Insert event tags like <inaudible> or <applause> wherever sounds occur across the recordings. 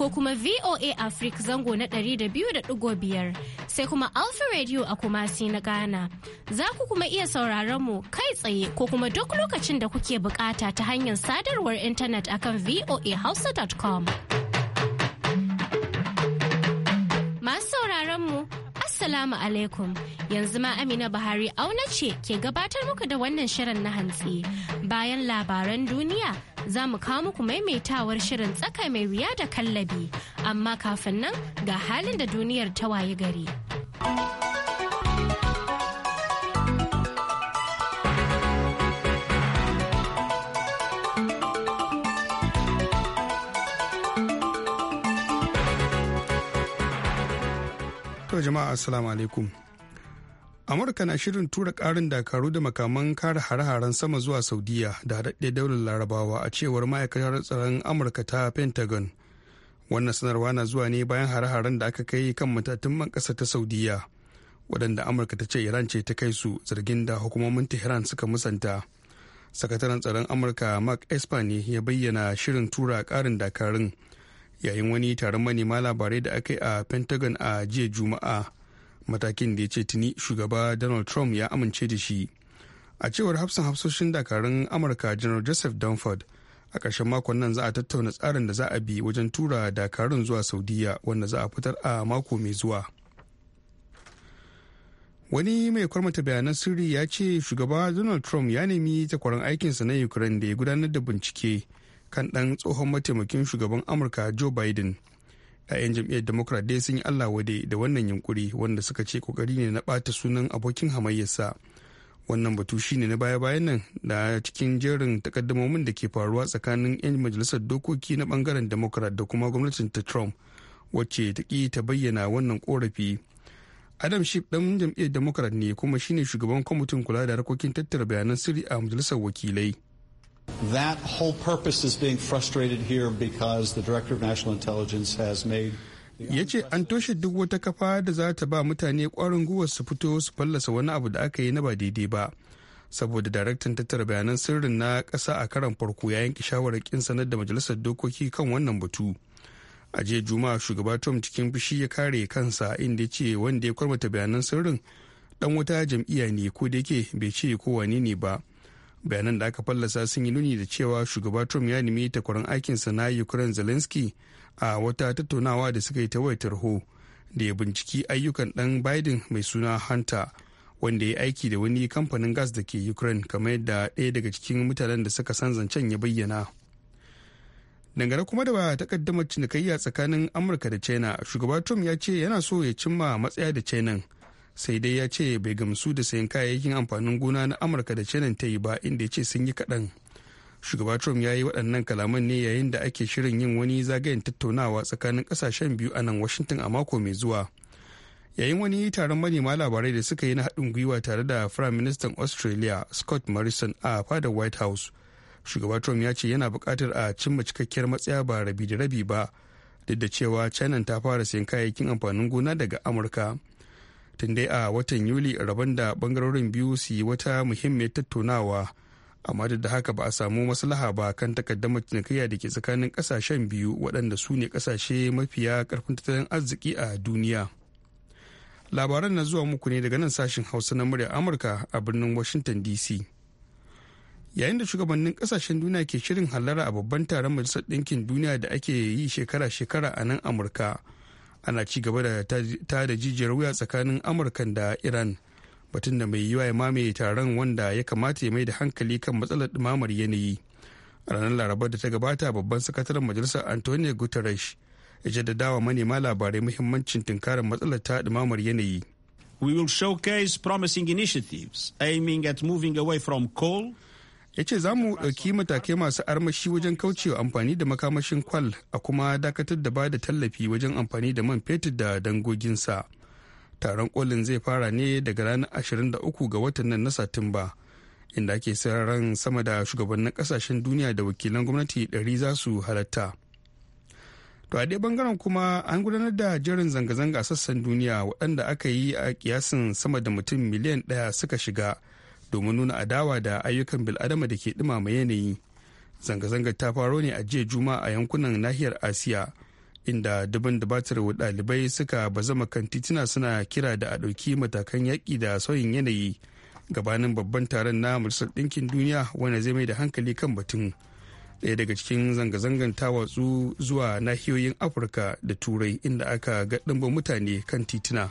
ko kuma VOA Africa zango na 200.5 sai kuma Alpha Radio a Kumasi na Ghana. Za ku kuma iya sauraron mu kai tsaye ko kuma duk lokacin da kuke bukata ta hanyar sadarwar intanet akan voahausa.com. Masu sauraron mu Assalamu alaikum yanzu ma Amina Buhari auna ce ke gabatar muku da wannan shirin na hantsi bayan labaran duniya za mu kawo muku maimaitawar shirin tsaka mai wuya da kallabi amma kafin nan ga halin da duniyar ta waye gari. jama'a assalamu alaikum amurka na shirin tura karin dakaru da makaman kare hare-haren sama zuwa saudiya da haɗaɗɗe daular larabawa a cewar ma'aikatar tsaron amurka ta pentagon wannan sanarwa na zuwa ne bayan hare-haren da aka kai kan matatun man ƙasa ta saudiya waɗanda amurka ta ce iran ce ta kai su zargin da hukumomin tehran suka musanta sakataren tsaron amurka mark esper ne ya bayyana shirin tura karin dakarun yayin wani taron manema labarai da aka yi a pentagon a jiya juma'a matakin da ya ce tuni shugaba donald trump ya amince da shi a cewar hafsan hafsoshin dakarun amurka general joseph dunford a ƙarshen makon nan za a tattauna tsarin da za a bi wajen tura dakarun zuwa saudiya wanda za a fitar a mako mai zuwa wani mai kwarmata bayanan sirri ya ce shugaba donald trump ya nemi takwaran aikinsa na ukraine da ya gudanar da bincike kan ɗan tsohon mataimakin shugaban amurka joe biden 'ya'yan jam'iyyar democrat dai sun yi allah wade da wannan yunkuri wanda suka ce kokari ne na ɓata sunan abokin hamayyarsa wannan batu shine na baya-bayan nan da cikin jerin takaddamomin da ke faruwa tsakanin 'yan majalisar dokoki na bangaren democrat da kuma gwamnatin ta trump wacce ta ki ta bayyana wannan korafi adam shif dan jam'iyyar democrat ne kuma shine shugaban kwamitin kula da harkokin tattara bayanan sirri a majalisar wakilai That whole purpose is being frustrated here because the Director of National Intelligence has made ya an toshe duk wata kafa da za ta ba mutane kwarin guwar su fito su fallasa wani abu da aka yi na ba daidai ba saboda daraktan tattara bayanan sirrin na kasa a karan farko ya yanke shawarar kin sanar da majalisar dokoki kan wannan batu a jiya juma'a shugaba tom cikin fushi ya kare kansa inda ya ce wanda ya kwarmata bayanan sirrin dan wata jam'iyya ne ko da yake bai ce ko wane ne ba bayanan da aka fallasa sun yi nuni da cewa shugaba trump ya nemi takwarar aikinsa na ukraine zelensky a wata tattaunawa da suka yi ta wayar tarho da ya binciki ayyukan dan biden mai suna hunter wanda ya aiki da wani kamfanin gas da ke ukraine kamar yadda ɗaya daga cikin mutanen da suka san zancen ya bayyana dangane kuma da ba takaddamar cinikayya tsakanin amurka da china shugaba trump ya ce yana so ya cimma matsaya da china sai dai ya ce bai gamsu da sayan kayayyakin amfanin gona na amurka da china ta yi ba inda ya ce sun yi kaɗan shugaba trump ya yi waɗannan kalaman ne yayin da ake shirin yin wani zagayen tattaunawa tsakanin ƙasashen biyu a nan washington a mako mai zuwa yayin wani taron manema labarai da suka yi na haɗin gwiwa tare da prime minister australia scott morrison a fadar white house shugaba trump ya ce yana buƙatar a cimma cikakkiyar matsaya ba rabi da rabi ba duk da cewa china ta fara sayan kayayyakin amfanin gona daga amurka tun dai a watan yuli rabon da bangarorin biyu su yi wata muhimmiyar tattaunawa amma duk da haka ba a samu maslaha ba kan takaddamar cinikayya da ke tsakanin kasashen biyu waɗanda su ne kasashe mafiya karfin tattalin arziki a duniya labaran na zuwa muku ne daga nan sashen hausa na murya amurka a birnin washington dc yayin da shugabannin kasashen duniya ke shirin halara a babban taron majalisar ɗinkin duniya da ake yi shekara-shekara a nan amurka ana ci gaba da ta da jijiyar wuya tsakanin amurkan da iran batun da mai yiwa ya mamaye taron wanda ya kamata ya mai da hankali kan matsalar ɗumamar yanayi a ranar larabar da ta gabata babban sakataren majalisar antonio guterres ya jaddadawa manema labarai muhimmancin tunkarar matsalar ta ɗumamar yanayi We will showcase promising initiatives aiming at moving away from coal ya ce za mu ɗauki matakai masu armashi wajen kaucewa amfani da makamashin kwal a kuma dakatar da ba da tallafi wajen amfani da man fetur da dangoginsa taron kolin zai fara ne daga ranar 23 ga watan nan na satumba inda ake ran sama da shugabannin kasashen duniya da wakilan gwamnati 100 za su halatta to a dai bangaren kuma an gudanar da jerin zanga-zanga sassan duniya waɗanda aka yi a kiyasin sama da mutum miliyan ɗaya suka shiga domin nuna adawa da ayyukan bil'adama da ke dumama yanayi zanga-zangar ta faro ne a jiya juma'a a yankunan nahiyar asiya inda dubin dubatar dalibai suka bazama kan tituna suna kira da a ɗauki matakan yaƙi da sauyin yanayi gabanin babban taron na majalisar ɗinkin duniya wanda zai mai da hankali kan batun ɗaya daga cikin zanga-zangar ta watsu zuwa nahiyoyin afirka da turai inda aka ga ɗimbin mutane kan tituna.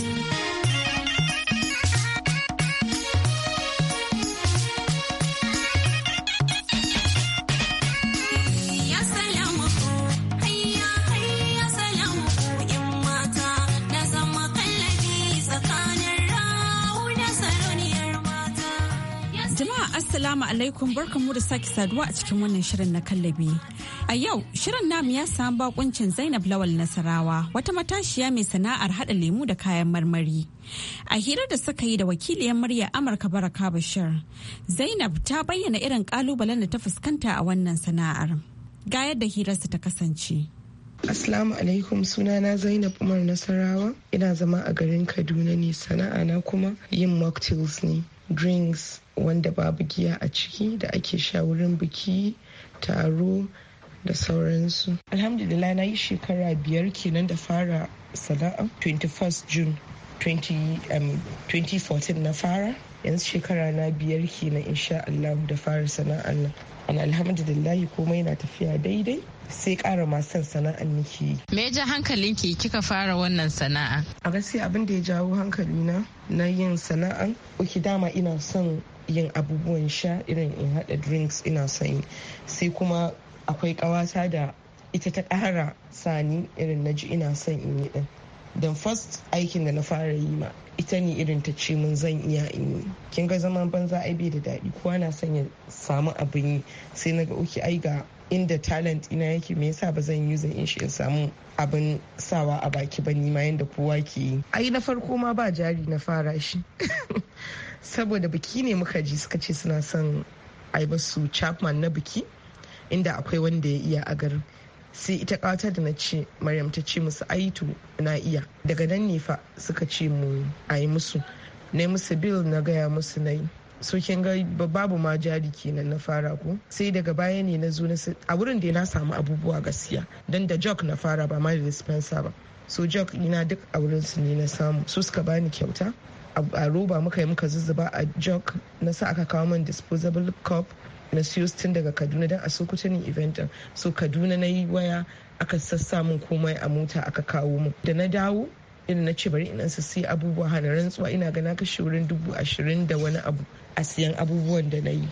Assalamu alaikum barkanmu da saki saduwa a cikin wannan shirin na kallabi. A yau shirin nam ya samu bakuncin Zainab Lawal Nasarawa wata matashiya mai sana'ar hada lemu da kayan marmari. A hirar da suka yi da wakiliyar murya Amurka Baraka Bashir, Zainab ta bayyana irin kalubalen da ta fuskanta a wannan sana'ar. Ga yadda hirarsa ta kasance. Assalamu alaikum sunana Zainab Umar Nasarawa ina zama a garin Kaduna ne sana'a na kuma yin mocktails ne drinks wanda babu giya a ciki da ake sha wurin biki taro da sauransu alhamdulillah na yi shekara biyar kenan da fara sana'a 21st june 2014 um, na fara yanzu shekara na biyar kenan insha Allah da fara sana'ar nan alhamdulillahi komai na tafiya daidai sai ƙara ma son sana'an nake yi. Me ya ki ki kika fara wannan sana'a? A gaskiya abin da ya jawo hankalina na yin sana'a uki dama ina son yin abubuwan sha irin in haɗa drinks ina son yi sai kuma akwai ƙawata da ita ta ƙara sani irin na ji ina son in yi ɗin. Dan first aikin da na fara yi ma ita ne irin ta ce mun zan iya in yi kin ga zaman banza ai bai da daɗi kowa na son ya samu abin yi sai na ga uki ai ga inda talent ina yake me yasa ba zan using in shi in samu abin sawa a baki ba nima yadda kowa ke yi ai na farko ma ba jari na fara shi <laughs> saboda biki ne muka ji suka ce suna son ai basu chapman na biki inda akwai wanda ya iya a garin sai ita kata da na ce maryam ta ce musu aitu na iya daga nan ne fa suka ce mu a musu na musu bill na gaya musu na yi so kin ga babu ma jari kenan na fara ko sai daga baya ne na zo a wurin da na samu abubuwa gaskiya dan da jug na fara ba ma da dispenser ba so jug ina duk a wurin su ne na samu su suka bani kyauta a roba muka yi muka zuzzuba a jog na sa aka kawo min disposable cup na siyo tun daga kaduna dan a sokoto ne event so kaduna na yi waya aka sassa min komai a mota aka kawo min da na dawo irin na ce bari in sai abubuwa hana rantsuwa ina ga kashe wurin dubu ashirin da wani abu a siyan abubuwan da na yi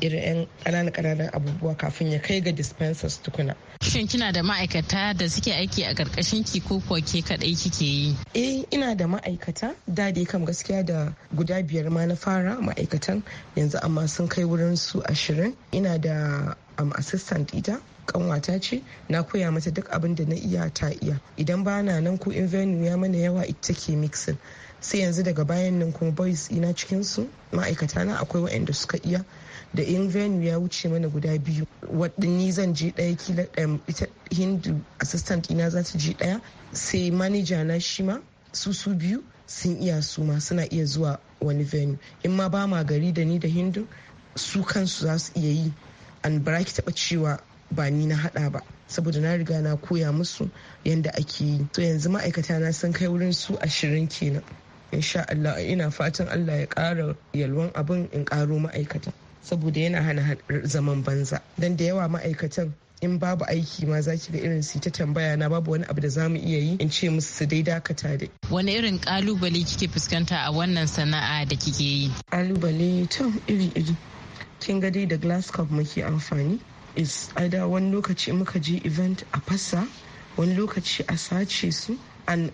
irin 'yan kanana kananan abubuwa kafin ya kai ga dispensers tukuna. Shin kina da ma'aikata da suke aiki a ƙarƙashin ki ko kuwa ke kaɗai kike yi? Eh ina da ma'aikata da dai kam gaskiya da guda biyar ma na fara ma'aikatan yanzu amma sun kai wurin su ashirin ina da am um, assistant ita kanwata ce na koya mata duk abin da na iya ta iya idan ba na nan ko in venue ya mana yawa ita take mixing sai yanzu daga bayan nan kuma boys ina cikin su ma'aikata na akwai waɗanda suka iya da in venue ya wuce mana guda biyu waɗanni zan je ɗaya kila ita hindu assistant ina za ta je ɗaya sai manager na shima ma su su biyu sun iya su ma suna iya zuwa wani venue in ma ba ma gari da ni da hindu su kansu za su iya yi an bara ki taɓa cewa ba ni na hada ba saboda na riga na koya musu yadda ake yi to yanzu ma'aikata na sun kai wurin su ashirin kenan insha Allah ina fatan Allah ya ƙara yalwan abin in karo ma'aikata saboda yana hana zaman banza dan da yawa ma'aikatan in babu aiki ma za ki ga irin su ta tambaya na babu wani abu da za mu iya yi in ce musu su dai dakata dai. Wani irin kalubale kike fuskanta a wannan sana'a da kike yi? Kalubale to iri-iri. Kin ga dai da glass cup muke amfani is ada wani lokaci muka je event a fasa wani lokaci a sace su an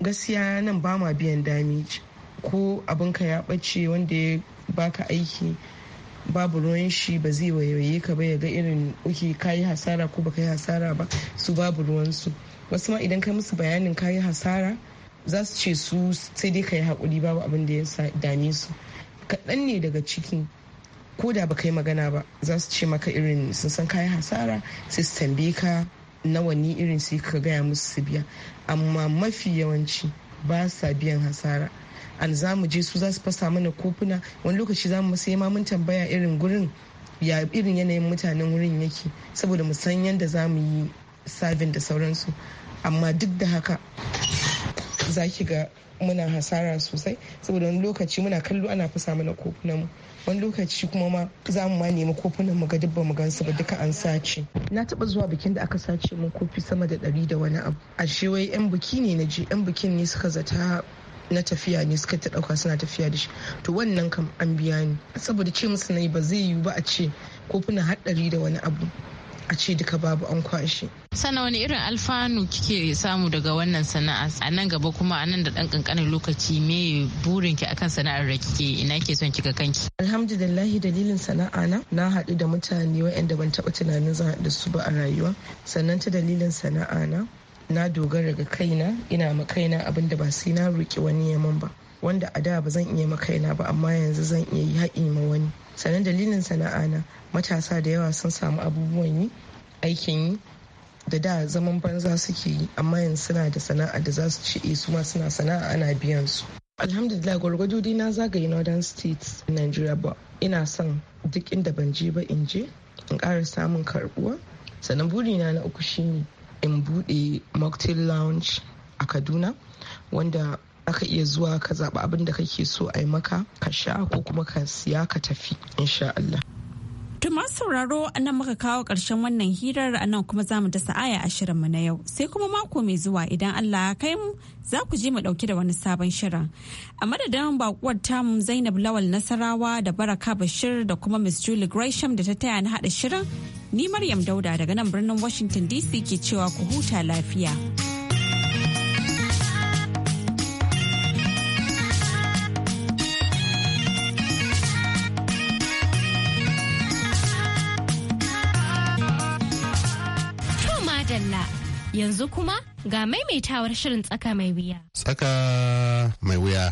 gaskiya nan ba ma biyan damage ko abinka ya bace wanda ya baka aiki babu ruwan shi ba zai wayoyi ka ba ya ga irin uke kayi hasara ko ba yi hasara ba su babu ruwan su wasu ma idan ka musu bayanin kayi hasara za su ce su sai dai ka yi haƙuri babu abin da ya dame su kaɗan ne daga ciki ko da baka yi magana ba za su ce maka irin sun san kayan hasara sai su tambaye ka nawa ni irin su ka gaya musu su biya amma mafi yawanci ba sa biyan hasara an za mu je su za su fasa mana kofuna wani lokaci za mu sai ma mun tambaya irin gurin ya irin yanayin mutanen wurin yake saboda mu san yadda za mu yi sabin da sauransu amma duk da haka za ki ga muna hasara sosai saboda wani lokaci muna kallo ana fasa mana kofunan wani lokaci kuma ma za mu ma nemi kofunan mu ga dubba mu gansu ba duka an sace na taba zuwa bikin da aka sace mun kofi sama da ɗari da wani abu a wai yan biki ne na je yan bikin ne suka zata na tafiya ne suka ta ɗauka suna tafiya da shi to wannan kam an biya ni saboda ce musu na ba zai yiwu ba a ce kofuna ɗari da wani abu a ce duka babu an kwashe. sana wani irin alfanu kike samu daga wannan sana'a a nan gaba kuma a nan da dan kankanin lokaci me burin ki akan sana'ar da kike ina ke son kika kanki alhamdulillah dalilin sana'a na na haɗu da mutane waɗanda ban taɓa tunanin zan haɗu su ba a rayuwa sannan ta dalilin sana'a na na dogara ga kaina ina ma kaina abin da ba sai na roki wani yaman ba wanda a da ba zan iya ma kaina ba amma yanzu zan iya yi haƙi ma wani sannan dalilin sana'a na matasa da yawa sun samu abubuwan yi aikin yi da da zaman banza suke yi amma yanzu suna da sana'a da za su ci eh, su ma suna sana'a ana biyan su alhamdulillah gwargwado dai na zagaye northern states nigeria ba ina son duk inda ban je ba in je in ƙara samun karbuwa sannan burina na uku shine in buɗe mocktail lounge a kaduna wanda zaka iya zuwa ka zaɓi abin da kake so a yi maka ka sha ko kuma ka siya ka tafi insha Allah. To masu sauraro nan muka kawo ƙarshen wannan hirar a nan kuma zamu mu dasa aya a mu na yau sai kuma mako mai zuwa idan Allah ya kai mu za ku je mu ɗauki da wani sabon shirin. A madadin bakuwar tamu Zainab Lawal Nasarawa da Baraka Bashir da kuma Miss Julie Gresham da ta taya na haɗa shirin ni Maryam Dauda daga nan birnin Washington DC ke cewa ku huta lafiya. Yanzu kuma ga maimaitawar shirin tsaka mai wuya. Tsaka mai wuya.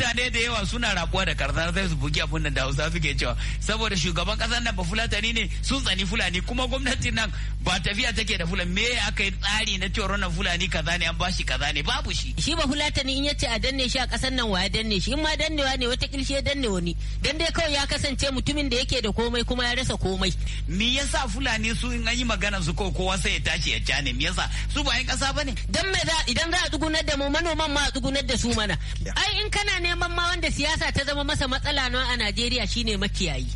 mutane da yawa suna rabuwa da karzar zai su abun abin da hausa suke cewa saboda shugaban kasar nan ba fulatani ne sun tsani fulani kuma gwamnatin nan ba tafiya take da fulani me aka yi tsari na cewa wannan fulani kaza ne an bashi kaza ne babu shi shi ba fulatani in yace a danne shi a kasar nan waya danne shi in ma dannewa ne wata kilshe danne wani dan dai kawai ya kasance mutumin da yake da komai kuma ya rasa komai me yasa fulani su in an yi magana su ko kowa sai ya tashi ya jane me yasa su ba yan kasa bane dan me za idan za a tsugunar da mu manoman ma a tsugunar da su mana ai in kana ne neman ma wanda siyasa ta zama masa matsala na a Najeriya shine makiyayi.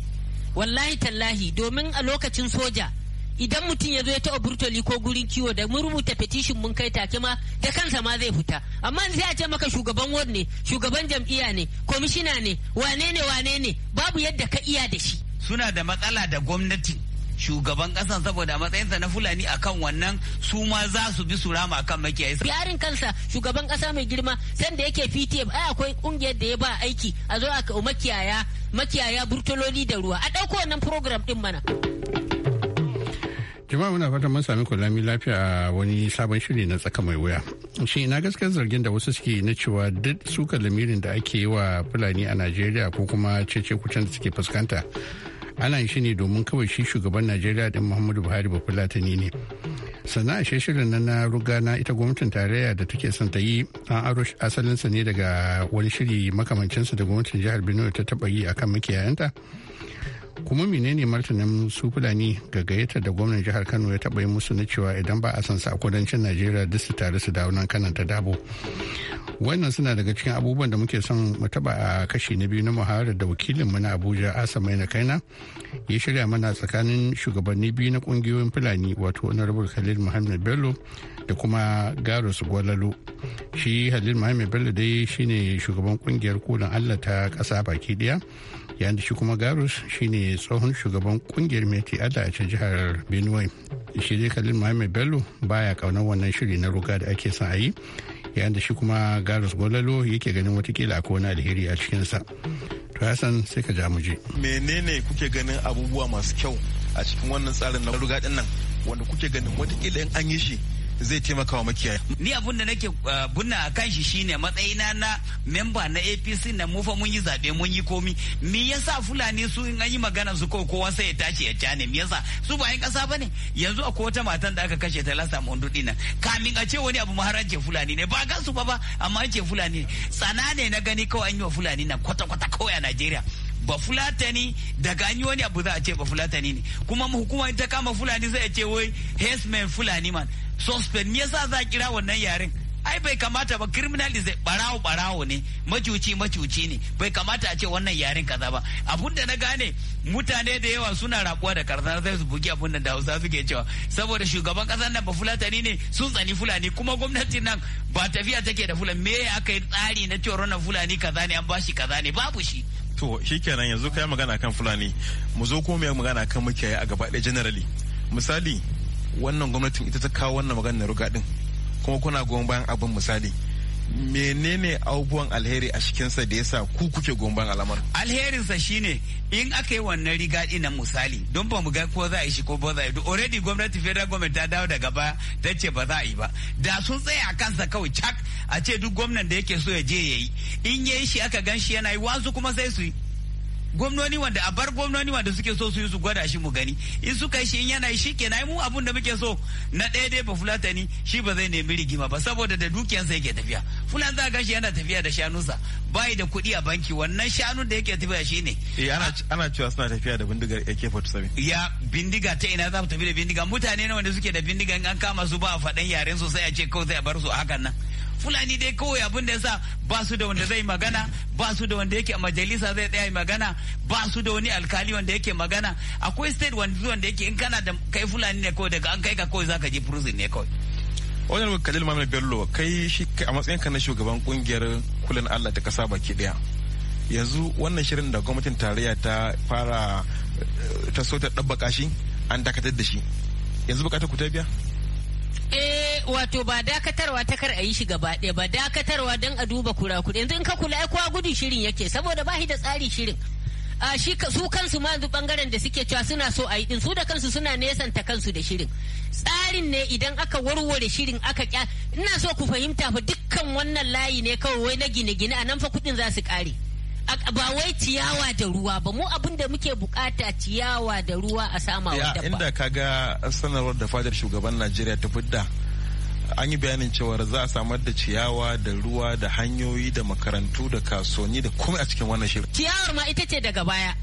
Wallahi tallahi domin a lokacin soja idan mutum ya zo ya taɓa burtoli ko gurin kiwo da mun rubuta fetishin mun kai take ma da kansa ma zai fita amma sai a ce maka shugaban ward ne shugaban jam'iyya ne komishina ne wane ne wane ne babu yadda ka iya da shi suna da matsala da gwamnati shugaban kasa saboda matsayinsa na fulani a kan wannan su ma za su bi su rama kan makiyayi. biyarin kansa shugaban kasa mai girma sanda yake ptf ai akwai kungiyar da ya ba aiki a zo a makiyaya makiyaya burtololi da ruwa a ɗauko wannan program ɗin mana. jama'a muna fatan mun sami kulami lafiya a wani sabon shiri na tsaka mai wuya shi ina gaskiyar zargin da wasu suke na cewa duk suka lamirin da ake yi wa fulani a najeriya ko kuma cece kucin da suke fuskanta ana shi ne domin kawai shi shugaban najeriya din muhammadu buhari ba fulatani ne sannan ashe shirin na rugana ita gwamnatin tarayya da take son ta yi an aro asalinsa ne daga wani shiri makamancinsa da gwamnatin jihar benue ta taba yi akan makiyayanta kuma menene martanin su fulani ga gayyatar da gwamnan jihar kano ya taɓa yi musu na cewa idan ba a san su a kudancin najeriya duk su tare su dawo nan kanan ta dabo wannan suna daga cikin abubuwan da muke son mu taɓa a kashi na biyu na muhawarar da wakilin mu na abuja asamai na kaina ya shirya mana tsakanin shugabanni biyu na kungiyoyin fulani wato honorable khalil muhammad bello da kuma garus gwalalo shi halil muhammad bello dai shine shugaban kungiyar kolin allah ta ƙasa baki ɗaya yayin da shi kuma garus shine tsohon shugaban kungiyar meti ada a jihar benue shi dai khalil mohammed bello baya kaunar wannan shiri na ruga da ake son a yi yayin da shi kuma garus golalo yake ganin watakila akwai wani alheri a cikinsa to hassan sai ka ja muje menene kuke ganin abubuwa masu kyau a cikin wannan tsarin na ruga nan wanda kuke ganin watakila in an yi shi zai taimaka wa makiyaya. Ni abun da nake eh, bunna a kan shi shine matsayina na memba na APC na mufa mun yi zaɓe mun yi komi. Me yasa Fulani su in an yi magana su ko kowa sai ya tashi ya cane me yasa su ba 'yan kasa ba ne yanzu akwai wata matan da aka kashe ta lasa mundu na kamin a ce wani abu maharance Fulani ne ba gan su ba ba amma an ce Fulani ne tsana ne na gani kawai an yi wa Fulani na kwata-kwata kawai a Najeriya. ba fulatani daga an yi wani abu za a ce ba fulatani ne kuma hukuma ta kama fulani zai ce wai hesman fulani man suspect me yasa za kira wannan yaren ai bai kamata ba criminal is barawo barawo ne macuci macuci ne bai kamata a ce wannan yaren kaza ba abun da na gane mutane da yawa suna rakuwa da karzana zai bugi abun da Hausa suke cewa saboda shugaban kasar nan ba fulatani ne sun tsani fulani kuma gwamnatin nan ba tafiya take da fulani me aka yi tsari na cewa wannan fulani kaza ne an bashi kaza ne babu shi to shikenan yanzu kai magana kan fulani mu zo kuma mai magana kan muke a gaba ɗaya generally misali wannan gwamnatin ita ta kawo wannan maganar ruga kuma kuna goyon bayan abin misali menene abubuwan alheri a cikinsa da yasa ku kuke gomban alamar alherinsa shine in aka yi wannan riga nan misali don ba mu ga ko za a yi shi ko ba za a yi already gwamnati federal government ta dawo daga baya ta ce ba za a yi ba da sun tsaya a kansa kawai cak a ce duk gwamnan da yake so ya je ya yi in ya yi shi aka gan shi yana yi wasu kuma sai su yi gwamnoni wanda a bar gwamnoni wanda suke so su yi su gwada shi mu gani in suka yi shi in yana shi kenan mu abun da muke so na ɗaya dai ba fulatani shi ba zai nemi rigima ba saboda da dukiyansa yake tafiya fulan za ga shi yana tafiya da shanunsa bayi da kuɗi a banki wannan shanun da yake tafiya shi ne eh, ana cewa suna tafiya da bindigar ak sami. ya bindiga ta ina za mu tafi da bindiga mutane ne wanda suke da bindiga in an kama su ba a faɗan yaren sosai a ce kawai sai a bar su a hakan nan fulani dai kawai abin da yasa ba su da wanda zai magana ba su da wanda yake majalisa zai tsaya magana ba su da wani alkali wanda yake magana akwai state wanda da yake in kana da kai fulani ne kawai daga an kai ka kawai zaka je prison ne kawai wannan wa kalil mamin bello kai shi a matsayin ka na shugaban kungiyar kulan allah ta kasa baki daya yanzu wannan shirin da gwamnatin tarayya ta fara eh, ta so ta dabbaka shi an dakatar da shi yanzu bukatar ku ta biya eh wato ba dakatarwa ta kar a yi shi gaba ɗaya ba dakatarwa don a duba kura kuɗi yanzu in ka kula ai kowa gudu shirin yake saboda ba shi da tsari shirin a shi su kansu ma yanzu bangaren da suke cewa suna so a yi din su da kansu suna nesanta kansu da shirin tsarin ne idan aka warware shirin aka kya ina so ku fahimta fa dukkan wannan layi ne kawai wai na gine-gine a nan fa kuɗin za su ƙare ba wai ciyawa da ruwa ba mu abin da muke bukata ciyawa da ruwa a sama wa dabba inda kaga sanarwar da fadar shugaban Najeriya ta fidda an yi bayanin cewa za a samar da ciyawa da ruwa da hanyoyi da makarantu da kasuwanni da komai a cikin wannan shirin ciyawar ma ita ce daga baya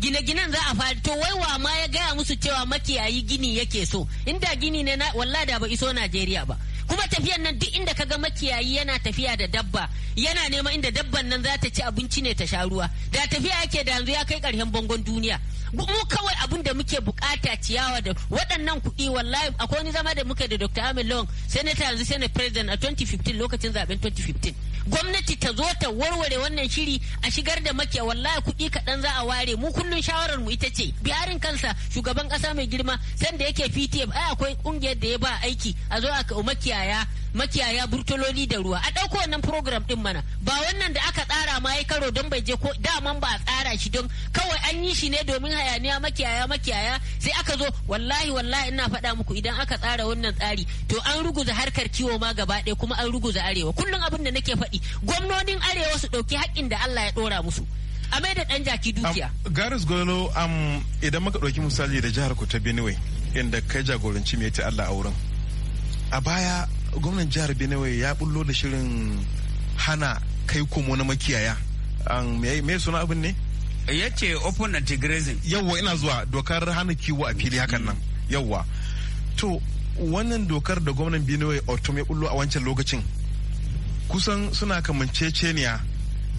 gine-ginen za a fara to wai wa ma ya gaya musu cewa makiyayi gini yake so inda gini ne na da ba iso Najeriya ba kuma tafiyan nan duk inda kaga makiyayi yana tafiya da dabba yana neman inda dabban nan za ta ci abinci ne ta sha ruwa da tafiya yake da yanzu ya kai karshen bangon duniya mu kawai abin da muke bukata ciyawa da waɗannan kuɗi wallahi akwai wani zama da muke da Dr. Amin Long senator yanzu senate president a 2015 lokacin zaben 2015 gwamnati ta zo ta warware wannan shiri a shigar da makiya wallahi kuɗi kaɗan za a ware mu kullun shawarar mu ita ce biyarin kansa shugaban ƙasa mai girma sanda yake ptf ai akwai ƙungiyar da ya ba aiki a zo a makiyaya makiyaya burtololi da ruwa a ɗauko wannan program ɗin mana ba wannan da aka tsara ma ya karo don bai je ko daman ba a tsara shi don kawai an yi shi ne domin hayaniya makiyaya makiyaya sai aka zo wallahi wallahi ina faɗa muku idan aka tsara wannan tsari to an ruguza harkar kiwo ma gaba ɗaya kuma an ruguza arewa kullum abin da nake faɗi haƙƙi gwamnonin arewa su ɗauki haƙƙin da Allah ya ɗora musu a mai da ɗan jaki dukiya. Garis Gono idan muka ɗauki misali da jihar ta Benue inda kai jagoranci mai ta Allah a wurin. A baya gwamnan jihar Benue ya bullo da shirin hana kai komo na makiyaya. Me suna abin ne? Ya ce open anti grazing. Yawwa ina zuwa dokar hana kiwo a fili hakan nan. Mm. Yawwa. To wannan dokar da gwamnan Benue otum ya bullo a wancan lokacin kusan suna kamanceceniya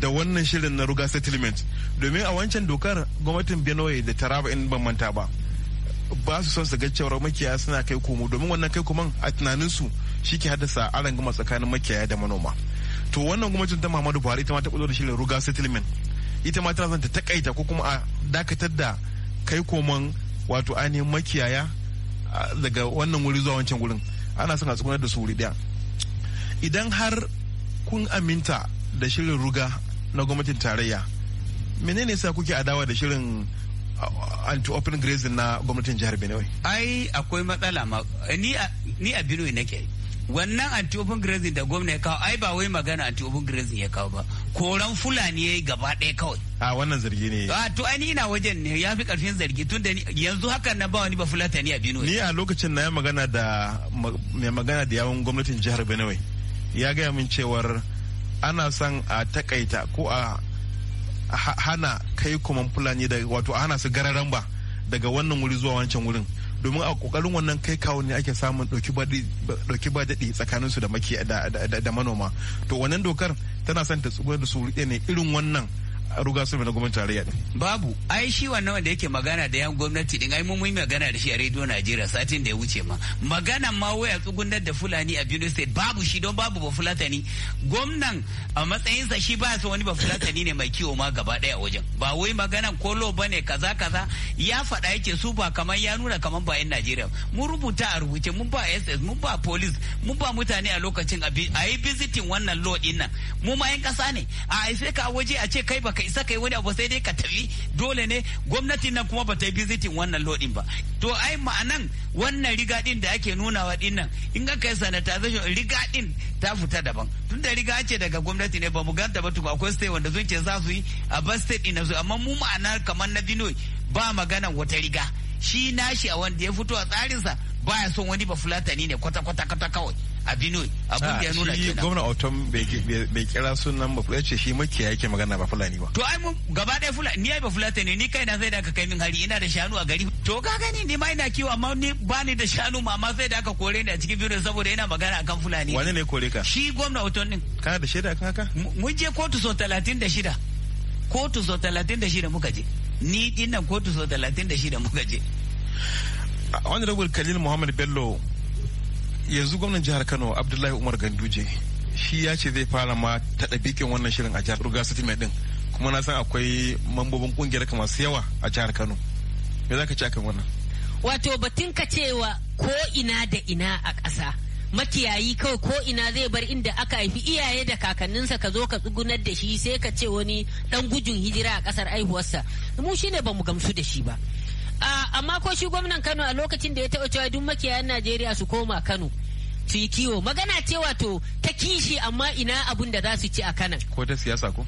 da wannan shirin na ruga settlement domin a wancan dokar gwamnatin benue da taraba in ban manta ba ba su son su ga cewar makiyaya suna kai komo domin wannan kai koman a tunaninsu shi ke haddasa gama tsakanin makiyaya da manoma to wannan gwamnatin ta muhammadu buhari ita ma ta da shirin ruga settlement ita ma tana son ta takaita ko kuma a dakatar da kai koman wato ainihin makiyaya daga wannan wuri zuwa wancan wurin ana son a tsugunar da su wuri daya idan har kun aminta da shirin ruga na gwamnatin tarayya menene sa kuke adawa da shirin uh, anti open grazing na gwamnatin jihar benue ai akwai matsala ma ni a benue nake wannan anti open grazing da gwamna ya kawo ai ba wai magana anti open grazing ya kawo ba koran fulani yayi gaba ɗaya kawai a wannan zargi ne a to ai ina wajen ne ya fi karfin zargi tun da yanzu hakan na ba wani ba fulatani a benue ni a lokacin na ya magana da mai magana da yawon gwamnatin jihar benue ya gaya min cewar ana son a takaita ko a hana kai kuma fulani da wato a hana su gararan ba daga wannan wuri zuwa wancan wurin domin a kokarin wannan kai kawo ne ake samun dauki ba daɗi tsakanin su da manoma to wannan dokar tana son ta tsubar da su ne irin wannan ruga sulhu na gwamnatin tarayya babu ai shi wannan wanda yake magana da yan gwamnati din ai mun magana da shi a rediyo Najeriya satin da ya wuce ma magana ma waya tsugunar da Fulani a Benue State babu shi don babu ba Fulatani gwamnan a matsayinsa shi ba sa wani ba Fulatani ne mai kiwo ma gaba daya wajen ba wai magana kolo ne kaza kaza ya faɗa yake su ba kamar ya nuna kamar ba yan Najeriya mun rubuta a rubuce mun ba SS mun ba police mun ba mutane a lokacin a yi visiting wannan lo din nan mu ma yan kasa ne a sai ka waje a ce kai ba ka isa kai wani abu sai dai ka tafi dole ne gwamnatin nan kuma ba ta yi bizitin wannan lodin ba to ai ma'anan wannan riga din da ake nunawa din nan in ka yi sanitization riga din ta fita daban tun da riga ce daga gwamnati ne ba mu ganta ba tuku akwai state wanda zuciya za su yi a ba state din su amma mu ma'ana kamar na binoy ba magana wata riga shi nashi a wanda ya fito a tsarinsa baya son wani ba fulatani ne kwata-kwata kwata kawai a Benue abin da ya nuna kenan. Gwamna Otom bai kira sunan ba ya ce shi makiya yake magana ba Fulani ba. To ai mun gaba ɗaya Fulani ni ai ba Fulani ne ni kai na sai da aka kai min hari ina da shanu a gari. To ka gani ni ma ina kiwo amma ni ba ni da shanu ma amma sai da aka kore ni a cikin biro saboda ina magana akan Fulani. Wani ne kore ka? Shi gwamna Otom din. ka da shaida kan haka? Mun je kotu so talatin da shida. Kotu so talatin da shida muka je. ni dinnan kotu so talatin da shida muka je honorable khalil muhammad bello yanzu gwamnan jihar kano abdullahi umar ganduje shi ya ce zai fara ma taɗa bikin wannan shirin a jihar ruga city din kuma na san akwai mambobin kungiyar ka masu yawa a jihar kano me za ka ci akan wannan wato batun ka cewa ko ina da ina a ƙasa makiyayi kawai ko ina zai bar inda aka haifi iyaye da kakanninsa ka zo ka tsugunar da shi sai ka ce wani dan gujin hijira a kasar aihuwarsa mu shine bamu gamsu da shi ba amma ko shi gwamnan Kano a lokacin da ya taɓa cewa duk makiyayan Najeriya su koma Kano su yi kiwo magana ce wato ta kishi amma ina abun da za su ci a kanan ko ta siyasa ko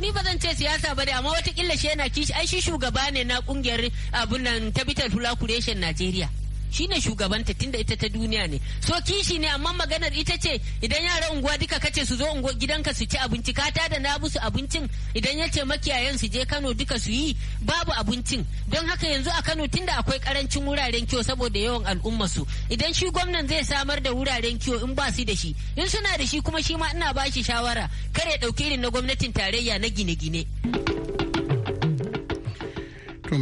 ni ba zan ce siyasa ba dai amma wata kila shi yana kishi ai shi shugaba ne na kungiyar abun nan ta bitar hula Najeriya shi ne shugabanta tunda ita ta duniya ne so kishi ne amma maganar ita ce idan yara unguwa duka kace su zo unguwa gidanka su ci abinci ka tada na musu abincin idan ya ce makiyayan su je Kano duka su yi babu abincin don haka yanzu a Kano tunda akwai karancin wuraren kiwo saboda yawan al'umma su idan shi gwamnan zai samar da wuraren kiwo in ba su da shi in suna da shi kuma shi ma ina ba shi shawara kare dauki irin na gwamnatin tarayya na gine-gine. To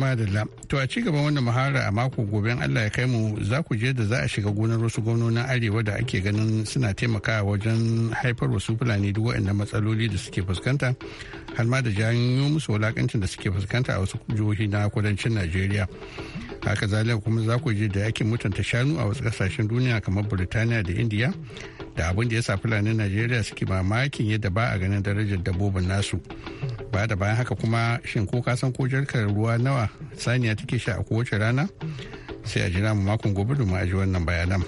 to a ci gaban wannan muhara a mako gobe Allah ya kai mu za ku je da za a shiga gonar wasu gwamnonin arewa da ake ganin suna taimakawa wajen haifar wasu fulani duk waɗannan matsaloli da suke fuskanta har ma da janyo musu wulakancin da suke fuskanta a wasu jihohi na kudancin Najeriya. Haka zalika kuma za ku je da yakin mutunta shanu a wasu kasashen duniya kamar Burtaniya da Indiya da abin da ya sa fulani najeriya suke mamakin yadda ba a ganin darajar dabbobin nasu ba da bayan haka kuma shin ko ka san ko jarkar ruwa nawa saniya take sha a kowace rana sai a jira mu makon gobe domin a ji wannan bayanan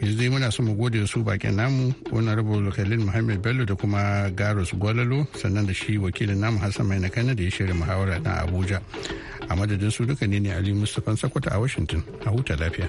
yanzu dai muna so mu gode su bakin namu wannan rabu lokalin muhammad bello da kuma garus gwalalo sannan da shi wakilin namu hassan mai nakana da ya shirya muhawara na abuja a madadin su duka ne ne ali mustapha sakwata a washington a huta lafiya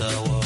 so uh,